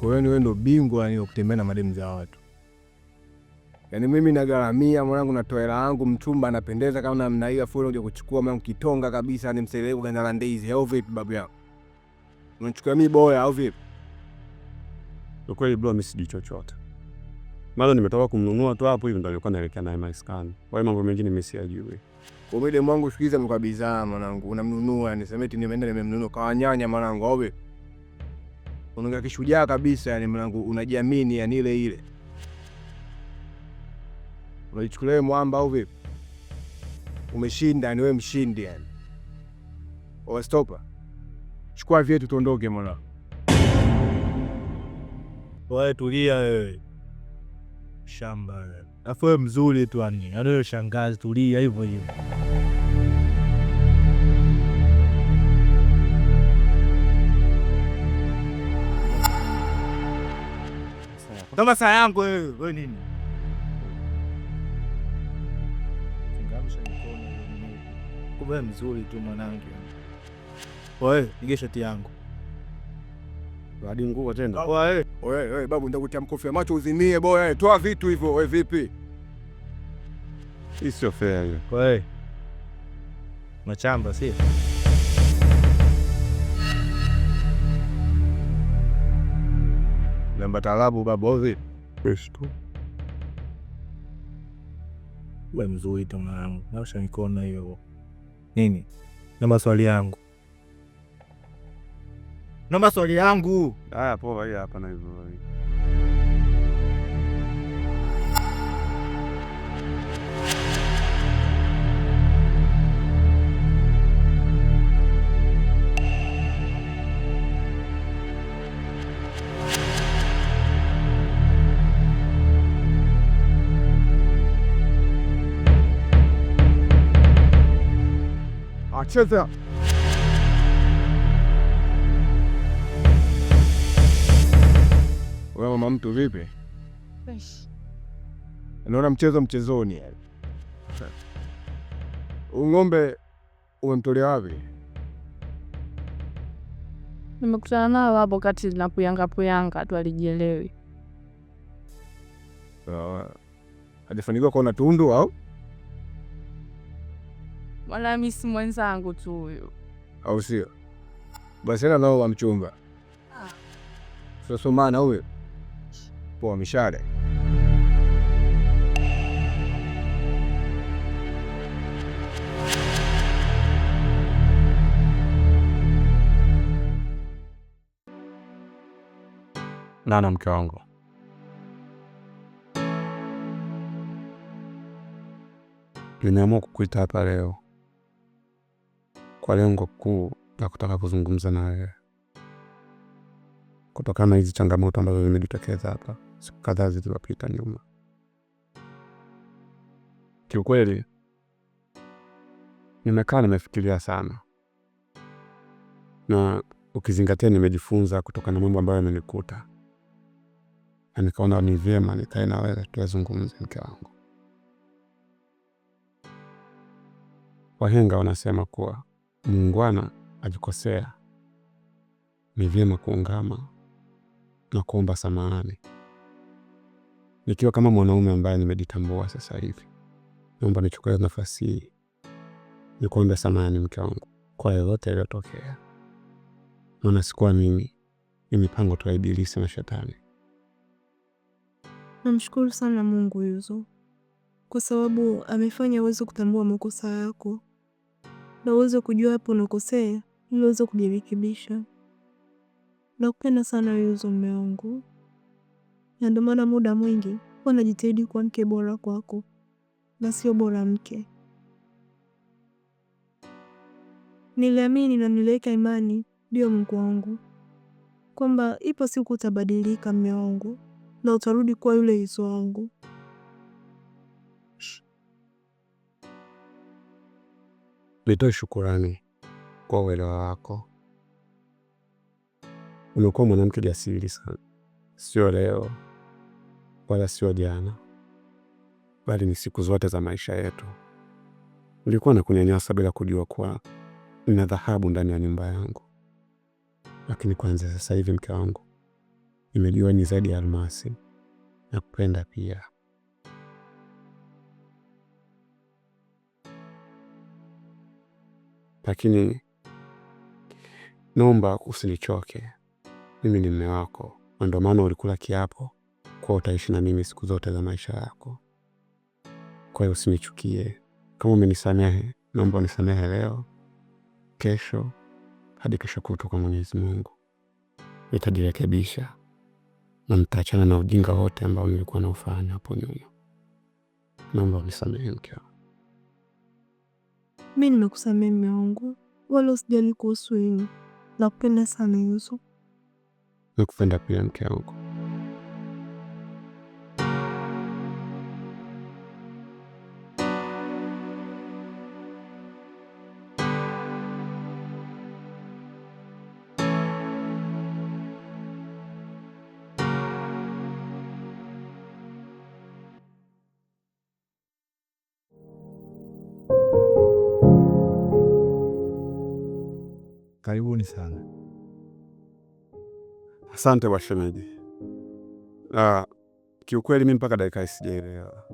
Kwa hiyo niwe ndo bingwa ni kutembea na mademu za watu. Yaani mimi nagaramia mwanangu, natoa hela yangu, mchumba anapendeza kama namna hiyo, afu unakuja kuchukua mwanangu kitonga kabisa, ni mseleku ganda la ndizi au vipi babu yangu? Unachukua mimi boya au vipi? Kwa kweli bro, mimi sijui chochote. Mara nimetoka kumnunua tu hapo hivi ndo alikuwa naelekea naye Marekani. Kwa hiyo mambo mengine mimi siyajui. Kwa mimi demu wangu sikiza mkabizana mwanangu, unamnunua, nisemeti nimeenda nimemnunua, kawanyanya mwanangu au vipi? unaongea kishujaa kabisa, yani mwanangu, unajiamini yani ile ile. Unaichukulia wewe mwamba au vipi? Umeshinda ni wewe mshindi yani. Stopa, chukua vyetu tuondoke mwanangu. Wewe tulia wewe. Shamba wewe. Afu mzuri tu yani. Yaani shangazi tulia hivyo hivyo. Toma saa yangu wewe, wewe nini? Wewe mzuri tu mwanangu. Wewe nige shati yangu hadi nguo tena. Wewe wewe babu, nitakutia mkofi wa macho uzimie. Boya toa vitu hivyo. Wewe vipi? Hii sio fair hiyo. Wewe machamba, si mbatalabu babozi Kristo we mzuri mwanangu, naosha mikono hiyo nini? Na maswali yangu na maswali yangu haya, poa hapa na hivyo tunacheza. We mama mtu, vipi? Naona mchezo mchezoni, ung'ombe ng'ombe umemtolea wapi? Nimekutana nao hapo kati na puyanga puyanga tu, alijielewi. Hajafanikiwa kuona tundu au wala mimi si mwenzangu tu ausio au sio? Basi na nao wa mchumba ah. sosomana huyo poa mishale Nana, mke wangu, nimeamua kukuita hapa leo kwa lengo kuu la kutaka kuzungumza na wewe kutokana na hizi changamoto ambazo zimejitokeza hapa siku kadhaa zilizopita nyuma. Kiukweli nimekaa nimefikiria sana, na ukizingatia nimejifunza kutokana na mambo ambayo yamenikuta, na nikaona ni vyema nikae na wewe tuwezungumze, mke wangu. Wahenga wanasema kuwa Muungwana akikosea ni vyema kuungama na kuomba samahani. Nikiwa kama mwanaume ambaye nimejitambua sasa hivi, naomba nichukue nafasi hii nikuombe samahani mke wangu kwa yoyote yaliyotokea, maana sikuwa mimi, ni mipango tu ya Ibilisi na Shetani. Namshukuru sana Mungu Yuzu kwa sababu amefanya uweze kutambua makosa yako na uweze kujua hapo unakosea ili uweze kujirekebisha. Nakupenda sana Yuzo, mume wangu, na ndio maana muda mwingi huwa najitahidi kuwa mke bora kwako na sio bora mke. Niliamini na niliweka imani, ndio Mungu wangu, kwamba ipo siku utabadilika, mume wangu, na utarudi kuwa yule Yuzo wangu. Nitoe shukurani kwa uelewa wako. Umekuwa mwanamke jasiri sana, sio leo wala sio jana, bali ni siku zote za maisha yetu. Ulikuwa na kunyanyasa bila kujua kuwa nina dhahabu ndani ya nyumba yangu, lakini kwanza sasa hivi, mke wangu, nimejua ni zaidi ya almasi na kupenda pia. lakini nomba usinichoke, mimi ni mme wako, na ndio maana ulikula kiapo kuwa utaishi na mimi siku zote za maisha yako. Kwa hiyo usinichukie. Kama umenisamehe, naomba unisamehe leo, kesho, hadi kesho kutu. Kwa Mwenyezi Mungu nitajirekebisha na nitaachana na ujinga wote ambao nilikuwa naufanya hapo nyuma. Naomba unisamehe mke wangu mi nimekusamia mume wangu, wala usijali kuhusu hilo. Nakupenda sana Yusu. Nakupenda pia mke wangu. Karibuni sana. Asante washemeji. Ah, kiukweli mi mpaka dakika hii sijaelewa.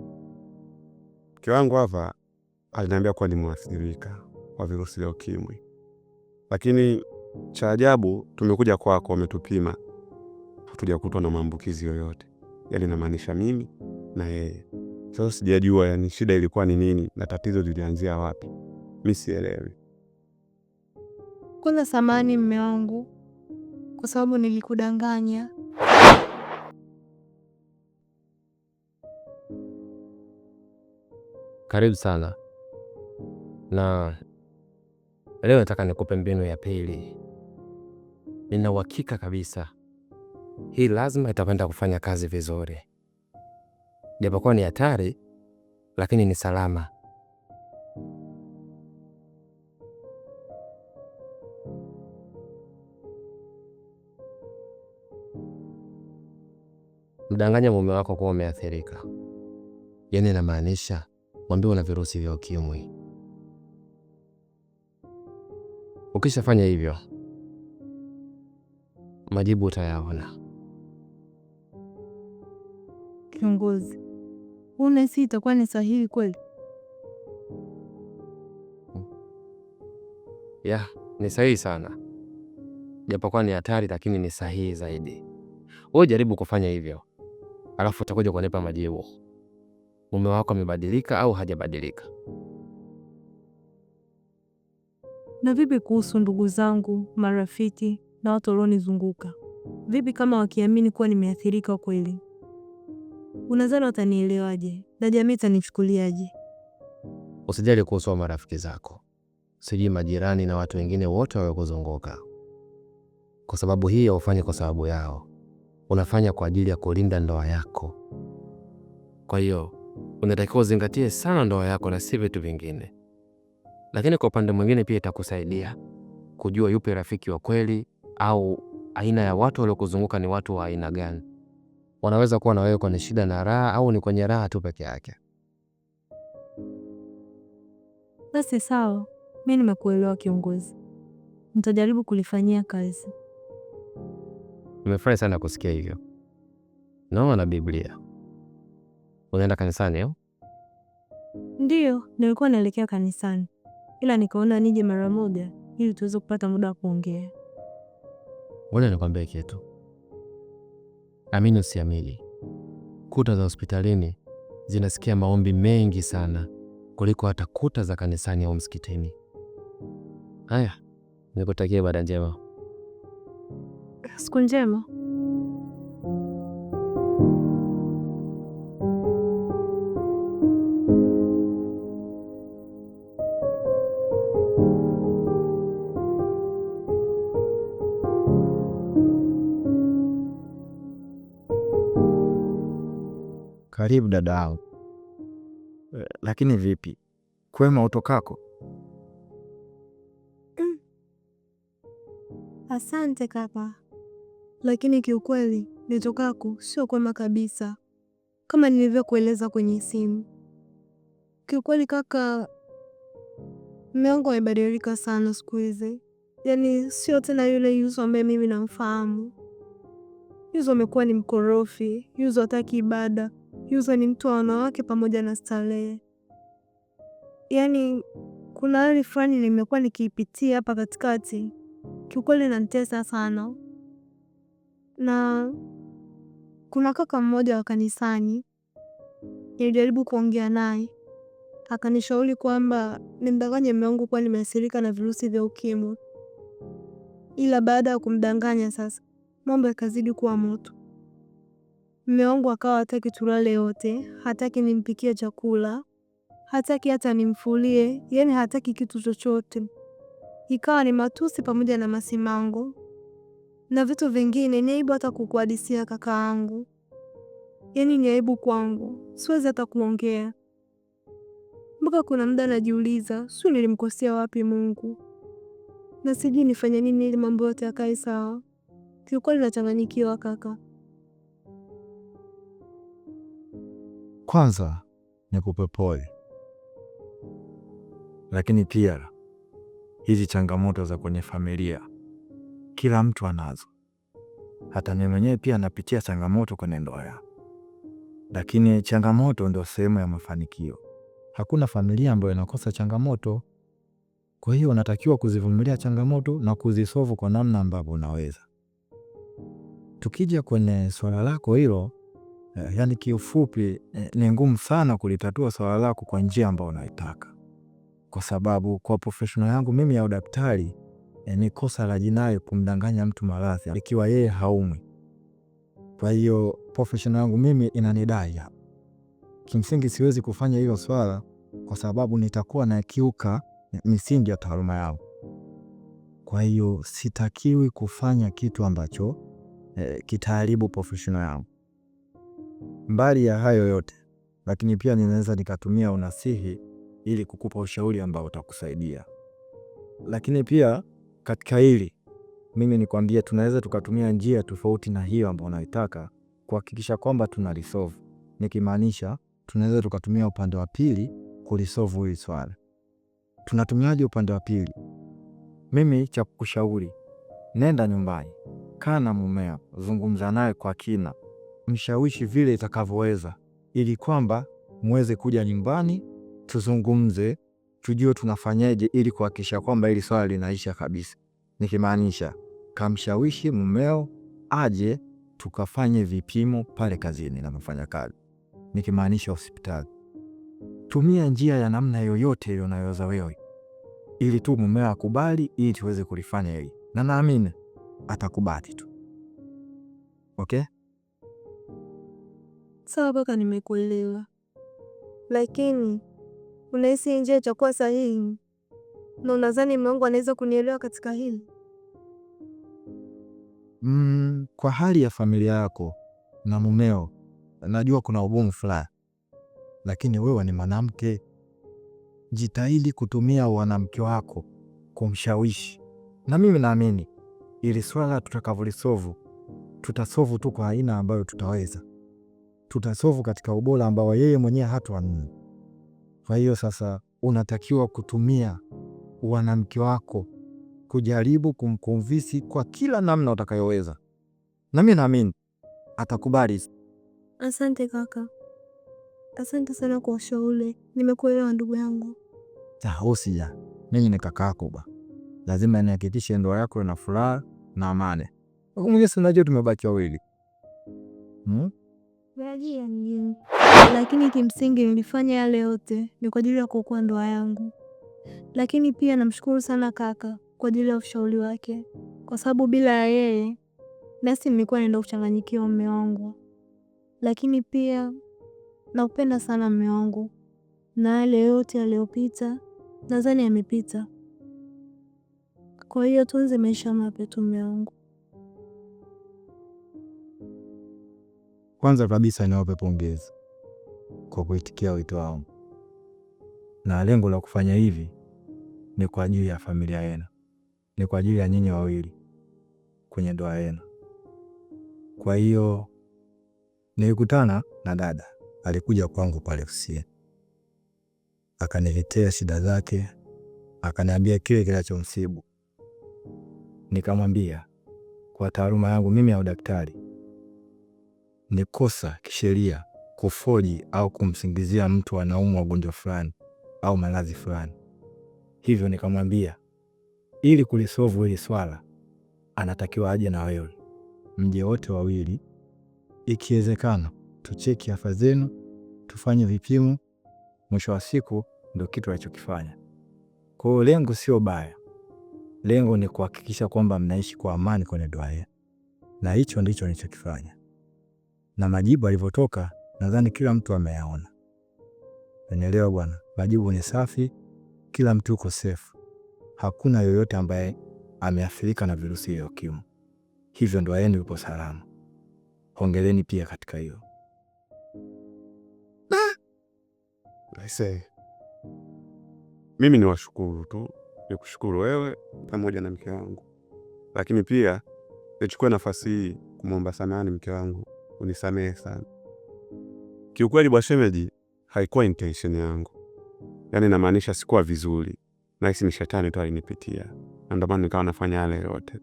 Mke wangu hapa aliniambia kuwa ni mwathirika wa virusi vya UKIMWI, lakini cha ajabu tumekuja kwako, wametupima hatujakutwa na maambukizi yoyote. Yaani namaanisha mimi na yeye. Sasa sijajua yani shida ilikuwa ni nini na tatizo lilianzia wapi, mi sielewi. Kwanza samani mme wangu kwa sababu nilikudanganya. Karibu sana, na leo nataka nikupe mbinu ya pili. Nina uhakika kabisa hii lazima itakwenda kufanya kazi vizuri, japokuwa ni hatari, lakini ni salama. mdanganya mume wako kuwa umeathirika, yaani namaanisha mwambie una virusi vya ukimwi. Ukishafanya hivyo, majibu utayaona. Kiongozi, unahisi itakuwa ni sahihi kweli? Ya, ni sahihi sana, japokuwa ni hatari, lakini ni sahihi zaidi. Wewe jaribu kufanya hivyo alafu utakuja kunipa majibu, mume wako amebadilika au hajabadilika. Na vipi kuhusu ndugu zangu, marafiki na watu walionizunguka? Vipi kama wakiamini kuwa nimeathirika kweli? Unadhani watanielewaje na jamii itanichukuliaje? Usijali kuhusu marafiki zako, sijui majirani na watu wengine wote wawekuzunguka, kwa sababu hii ufanye kwa sababu yao unafanya kwa ajili ya kulinda ndoa yako. Kwa hiyo unatakiwa uzingatie sana ndoa yako na si vitu vingine, lakini kwa upande mwingine pia itakusaidia kujua yupi rafiki wa kweli au aina ya watu waliokuzunguka ni watu wa aina gani. Wanaweza kuwa na wewe kwenye shida na raha, au ni kwenye raha tu peke yake. Basi sawa, mi nimekuelewa kiongozi, nitajaribu kulifanyia kazi. Nimefurahi sana kusikia hivyo. Naona na Biblia unaenda kanisani au? Ndiyo, nilikuwa naelekea kanisani, ila nikaona nije mara moja ili tuweze kupata muda wa kuongea. Ngoja nikwambie kitu, amini usiamini, kuta za hospitalini zinasikia maombi mengi sana kuliko hata kuta za kanisani au msikitini. Haya, nikutakia ibada njema. Siku njema. Karibu dada yangu. Eh, lakini vipi, kwema utokako? Mm. Asante kaka lakini kiukweli nitokako sio kwema kabisa, kama nilivyokueleza kwenye simu. Kiukweli kaka, mume wangu amebadilika sana siku hizi, yaani sio tena yule Yuzo ambaye mimi namfahamu. Yuzo amekuwa ni mkorofi, Yuzo hataki ibada, Yuzo ni mtu wa wanawake pamoja na starehe. Yaani kuna hali fulani nimekuwa nikiipitia hapa katikati, kiukweli nantesa sana na kuna kaka mmoja wa kanisani nilijaribu kuongea naye, akanishauri kwamba nimdanganye mume wangu kuwa nimeathirika na virusi vya ukimwi. Ila baada ya kumdanganya sasa, mambo yakazidi kuwa moto. Mume wangu akawa hataki tulale yote, hataki nimpikie chakula, hataki hata nimfulie, yani hataki kitu chochote. Ikawa ni matusi pamoja na masimango na vitu vingine, ni aibu hata kukuhadisia kaka yangu. Yaani ni aibu kwangu, siwezi hata kuongea. Mpaka kuna muda najiuliza, sio nilimkosea wapi Mungu, na sijui nifanye nini ili mambo yote yakae sawa. Kiukweli nachanganyikiwa kaka. Kwanza nikupe pole, lakini pia hizi changamoto za kwenye familia kila mtu anazo. Hata mimi mwenyewe pia napitia changamoto kwenye ndoa yangu, lakini changamoto ndio sehemu ya mafanikio. Hakuna familia ambayo inakosa changamoto. Kwa hiyo unatakiwa kuzivumilia changamoto na kuzisovu kwa namna ambavyo unaweza. Tukija kwenye swala lako hilo, eh, yani kiufupi eh, ni ngumu sana kulitatua swala lako kwa njia ambayo unaitaka, kwa sababu kwa professional yangu mimi ya udaktari ni yaani kosa la jinai kumdanganya mtu maradhi ikiwa yeye haumwi. Kwa hiyo profession yangu mimi inanidai hapa. Kimsingi siwezi kufanya hilo swala kwa sababu nitakuwa nakiuka misingi ya taaluma yangu. Kwa hiyo sitakiwi kufanya kitu ambacho e, kitaharibu profession yangu. Mbali ya hayo yote lakini pia ninaweza nikatumia unasihi ili kukupa ushauri ambao utakusaidia, lakini pia katika hili mimi nikwambie, tunaweza tukatumia njia tofauti na hiyo ambayo unaitaka kuhakikisha kwamba tuna resolve, nikimaanisha tunaweza tukatumia upande wa pili kulisolve hili swala. Tunatumiaje upande wa pili? Mimi cha kukushauri, nenda nyumbani, kaa na mumeo, zungumza naye kwa kina, mshawishi vile itakavyoweza, ili kwamba muweze kuja nyumbani tuzungumze tujue tunafanyaje ili kuhakikisha kwamba hili swala linaisha kabisa, nikimaanisha kamshawishi mumeo aje tukafanye vipimo pale kazini mfanya kazi, nikimaanisha hospitali. Tumia njia ya namna yoyote ile unayoweza wewe, ili tu mumeo akubali, ili tuweze kulifanya hili, na naamini atakubali tu. Okay, sawa kaka, nimekuelewa lakini unahisi njia itakuwa sahihi, na unadhani mume wangu anaweza kunielewa katika hili? Mm, kwa hali ya familia yako na mumeo, najua kuna ugumu fulani, lakini wewe ni mwanamke, jitahidi kutumia wanamke wako kumshawishi, na mimi naamini ili swala tutakavulisovu tutasovu tu kwa aina ambayo tutaweza, tutasovu katika ubora ambao yeye mwenyewe hatuamini. Kwa hiyo sasa unatakiwa kutumia wanamke wako kujaribu kumkonvinsi kwa kila namna utakayoweza, na mimi naamini atakubali. Asante kaka, asante sana kwa ushauri, nimekuelewa ndugu yangu. Usija, mimi ni kaka yako ba, lazima nihakikishe ndoa yako ina furaha na amani. Mwenyezi, najua tumebaki wawili, hmm? baadhi ya mjini, lakini kimsingi nilifanya yale yote ni kwa ajili ya kuokoa ndoa yangu. Lakini pia namshukuru sana kaka kwa ajili ya ushauri wake, kwa sababu bila ya yeye nasi nilikuwa naenda kuchanganyikiwa mume wangu. Lakini pia naupenda sana mume wangu, na yale yote yaliyopita nadhani yamepita. Kwa hiyo tunze maisha mapya tu mume wangu. Kwanza kabisa niwape pongezi kwa kuitikia wito wangu, na lengo la kufanya hivi ni kwa ajili ya familia yenu, ni kwa ajili ya nyinyi wawili kwenye ndoa yenu. Kwa hiyo nilikutana na dada, alikuja kwangu pale ofisini, akaniletea shida zake, akaniambia kile kinachomsibu. Nikamwambia kwa taaluma yangu mimi ya udaktari ni kosa kisheria kufoji au kumsingizia mtu anaumwa ugonjwa fulani au maradhi fulani. Hivyo nikamwambia ili kulisovu hili swala anatakiwa aje na wewe, mje wote wawili, ikiwezekana tucheki afya zenu, tufanye vipimo. Mwisho wa siku ndo kitu alichokifanya. Kwa hiyo lengo sio baya, lengo ni kuhakikisha kwamba mnaishi kwa amani kwenye doa, na hicho ndicho nilichokifanya na majibu alivyotoka, nadhani kila mtu ameyaona. Unaelewa bwana, majibu ni safi, kila mtu uko safe, hakuna yoyote ambaye ameathirika na virusi vya UKIMWI, hivyo ndoa yenu ipo salama. Hongereni pia katika hiyo. Mimi ni washukuru tu, ni kushukuru wewe pamoja na mke wangu, lakini pia nichukue nafasi hii kumwomba samahani mke wangu unisamehe sana. Kiukweli bwashemeji, haikuwa intention yangu, yaani namaanisha sikuwa vizuri, nahisi ni shetani tu alinipitia, na ndio maana nikawa nafanya yale yote.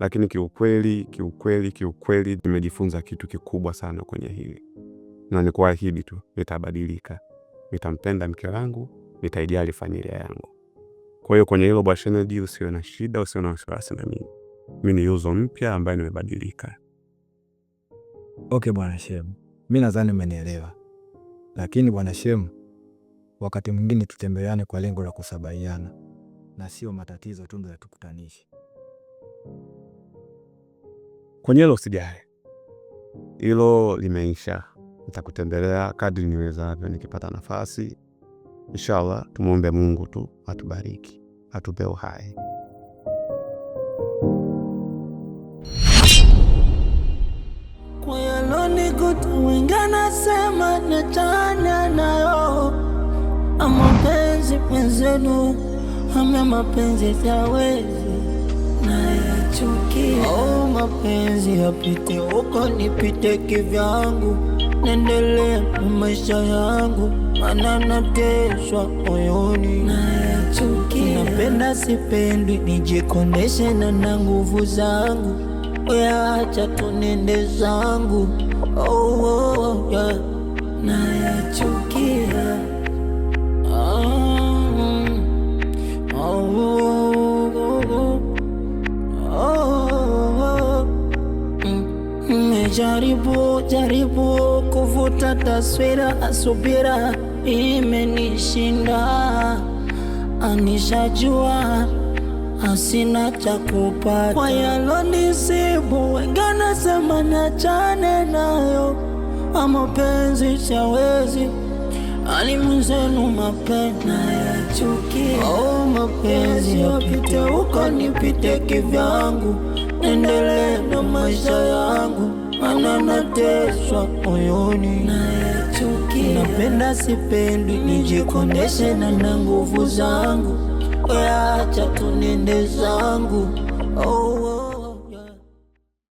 Lakini kiukweli, kiukweli, kiukweli nimejifunza kitu kikubwa sana kwenye hili, na nikuahidi tu nitabadilika, nitampenda mke wangu, nitaijali familia yangu. Kwa hiyo kwenye hilo bwashemeji, usiwe na shida, usiwe na wasiwasi na mimi. Mimi ni Yuzo mpya ambaye nimebadilika. Okay bwana Shemu, mi nadhani umenielewa, lakini bwana Shemu, wakati mwingine tutembeleane kwa lengo la kusabaiana na sio matatizo tu ndio yatukutanishe. Kwenye hilo usijali, hilo limeisha. Nitakutembelea kadri niwezavyo nikipata nafasi. Inshallah, tumwombe Mungu tu atubariki, atupe uhai. good wengi anasema nachana nayo amapenzi mwenzenu ama mapenzi yawezi nayachukia oh, mapenzi yapite huko nipite kivyangu nendelee na maisha yangu mana nateswa moyoni nayachukia napenda sipendwi nijikondeshe na na nguvu zangu oya acha tunende zangu oh, oh, yeah. Nayachukia oh, jaribu kuvuta taswira asubira imenishinda anishajua asina cha kupata yalo nisibu wengana sema niachane nayo, amapenzi chawezi alimuzenu zenu mapena ya chuki oh, mapenzi yapite huko, nipite kivyangu, nendele na maisha yangu, ana nateswa moyoni na ya chuki. Napenda sipendi, nijikondeshe na na nguvu zangu weacha tunende zangu oh.